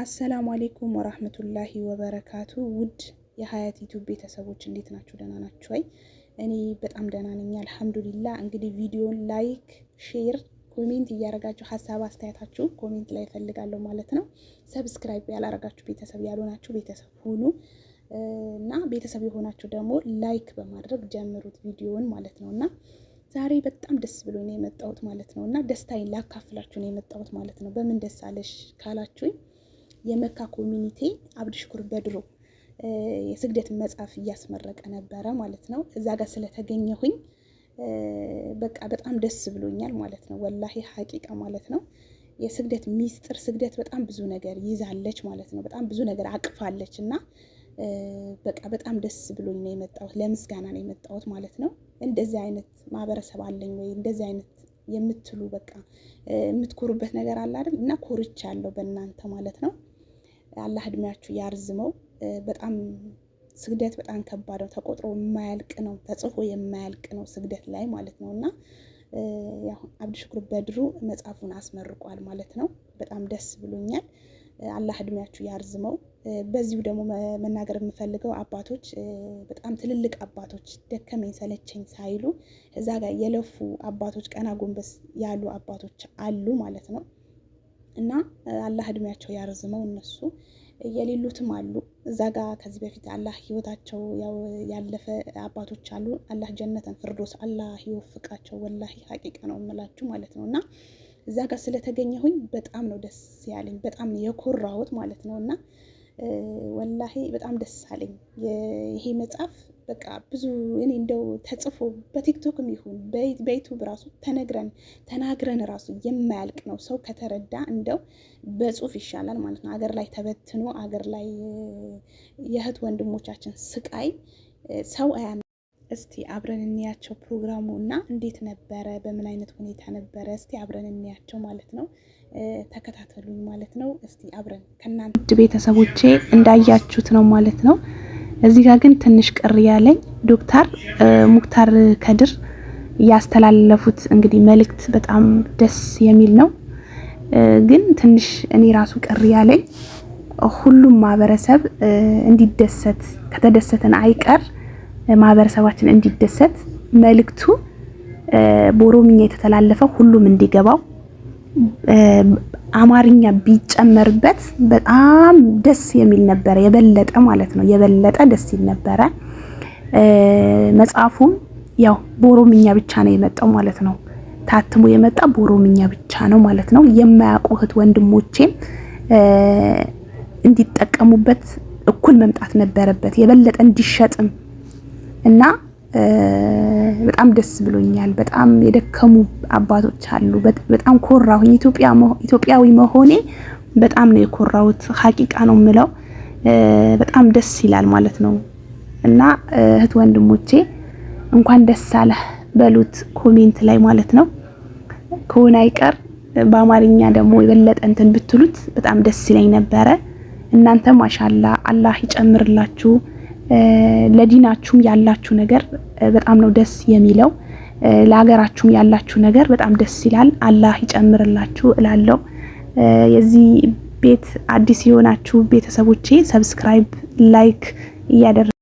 አሰላሙ አሌይኩም ወራህመቱላሂ ወበረካቱ። ውድ የሀያት ዩቱብ ቤተሰቦች እንዴት ናችሁ? ደህና ናችሁ ወይ? እኔ በጣም ደህና ነኝ አልሐምዱሊላ። እንግዲህ ቪዲዮን ላይክ፣ ሼር፣ ኮሜንት እያደረጋችሁ ሀሳብ አስተያየታችሁ ኮሜንት ላይ ፈልጋለሁ ማለት ነው። ሰብስክራይብ ያላረጋችሁ ቤተሰብ ያልሆናችሁ ቤተሰብ ሁኑ እና ቤተሰብ የሆናችሁ ደግሞ ላይክ በማድረግ ጀምሩት ቪዲዮውን ማለት ነው እና ዛሬ በጣም ደስ ብሎ ነው የመጣሁት ማለት ነው እና ደስታዬን ላካፍላችሁ ነው የመጣሁት ማለት ነው። በምን ደስ አለሽ ካላችሁኝ የመካ ኮሚኒቲ አብድሽኩር በድሮ የስግደት መጽሐፍ እያስመረቀ ነበረ ማለት ነው። እዛ ጋር ስለተገኘሁኝ በቃ በጣም ደስ ብሎኛል ማለት ነው። ወላሂ ሀቂቃ ማለት ነው። የስግደት ሚስጥር ስግደት በጣም ብዙ ነገር ይዛለች ማለት ነው። በጣም ብዙ ነገር አቅፋለች እና በቃ በጣም ደስ ብሎኝ ነው የመጣሁት። ለምስጋና ነው የመጣሁት ማለት ነው። እንደዚህ አይነት ማህበረሰብ አለኝ ወይ እንደዚህ አይነት የምትሉ በቃ የምትኮሩበት ነገር አለ አይደል? እና ኮርቻ አለው በእናንተ ማለት ነው። አላህ እድሜያችሁ ያርዝመው። በጣም ስግደት በጣም ከባድ ነው። ተቆጥሮ የማያልቅ ነው። ተጽፎ የማያልቅ ነው ስግደት ላይ ማለት ነው እና አብዱሽኩር በድሩ መጽሐፉን አስመርቋል ማለት ነው። በጣም ደስ ብሎኛል። አላህ እድሜያችሁ ያርዝመው። በዚሁ ደግሞ መናገር የምፈልገው አባቶች፣ በጣም ትልልቅ አባቶች ደከመኝ ሰለቸኝ ሳይሉ እዛ ጋር የለፉ አባቶች፣ ቀና ጎንበስ ያሉ አባቶች አሉ ማለት ነው። እና አላህ እድሜያቸው ያርዝመው። እነሱ የሌሉትም አሉ እዛ ጋ ከዚህ በፊት አላህ ህይወታቸው ያለፈ አባቶች አሉ። አላህ ጀነተን ፍርዶስ አላህ ይወፍቃቸው። ወላሂ ሀቂቀ ነው ምላችሁ ማለት ነው እና እዛ ጋር ስለተገኘሁኝ በጣም ነው ደስ ያለኝ፣ በጣም ነው የኮራሁት ማለት ነው እና ወላሂ በጣም ደስ አለኝ። ይሄ መጽሐፍ በቃ ብዙ እኔ እንደው ተጽፎ በቲክቶክም ይሁን በዩቱብ ራሱ ተነግረን ተናግረን ራሱ የማያልቅ ነው። ሰው ከተረዳ እንደው በጽሁፍ ይሻላል ማለት ነው። አገር ላይ ተበትኖ አገር ላይ የእህት ወንድሞቻችን ስቃይ ሰው አያ እስቲ አብረን እንያቸው ፕሮግራሙ እና እንዴት ነበረ፣ በምን አይነት ሁኔታ ነበረ? እስቲ አብረን እንያቸው ማለት ነው። ተከታተሉኝ ማለት ነው። እስቲ አብረን ከእናንተ ቤተሰቦቼ እንዳያችሁት ነው ማለት ነው። እዚህ ጋር ግን ትንሽ ቅር ያለኝ ዶክተር ሙክታር ከድር ያስተላለፉት እንግዲህ መልእክት በጣም ደስ የሚል ነው። ግን ትንሽ እኔ ራሱ ቅር ያለኝ ሁሉም ማህበረሰብ እንዲደሰት ከተደሰተን አይቀር ማህበረሰባችን እንዲደሰት መልእክቱ በኦሮምኛ የተተላለፈ ሁሉም እንዲገባው አማርኛ ቢጨመርበት በጣም ደስ የሚል ነበረ። የበለጠ ማለት ነው የበለጠ ደስ ይል ነበረ። መጽሐፉም ያው በኦሮምኛ ብቻ ነው የመጣው ማለት ነው። ታትሞ የመጣ በኦሮምኛ ብቻ ነው ማለት ነው። የማያውቁ እህት እንዲጠቀሙበት እኩል መምጣት ነበረበት የበለጠ እንዲሸጥም እና በጣም ደስ ብሎኛል። በጣም የደከሙ አባቶች አሉ። በጣም ኮራሁኝ። ኢትዮጵያዊ መሆኔ በጣም ነው የኮራሁት። ሀቂቃ ነው የምለው። በጣም ደስ ይላል ማለት ነው እና እህት ወንድሞቼ እንኳን ደስ አለህ በሉት ኮሜንት ላይ ማለት ነው ከሆነ አይቀር በአማርኛ ደግሞ የበለጠ እንትን ብትሉት በጣም ደስ ይለኝ ነበረ። እናንተ ማሻላ አላህ ይጨምርላችሁ። ለዲናችሁም ያላችሁ ነገር በጣም ነው ደስ የሚለው። ለሀገራችሁም ያላችሁ ነገር በጣም ደስ ይላል። አላህ ይጨምርላችሁ እላለው የዚህ ቤት አዲስ የሆናችሁ ቤተሰቦቼ ሰብስክራይብ፣ ላይክ እያደረ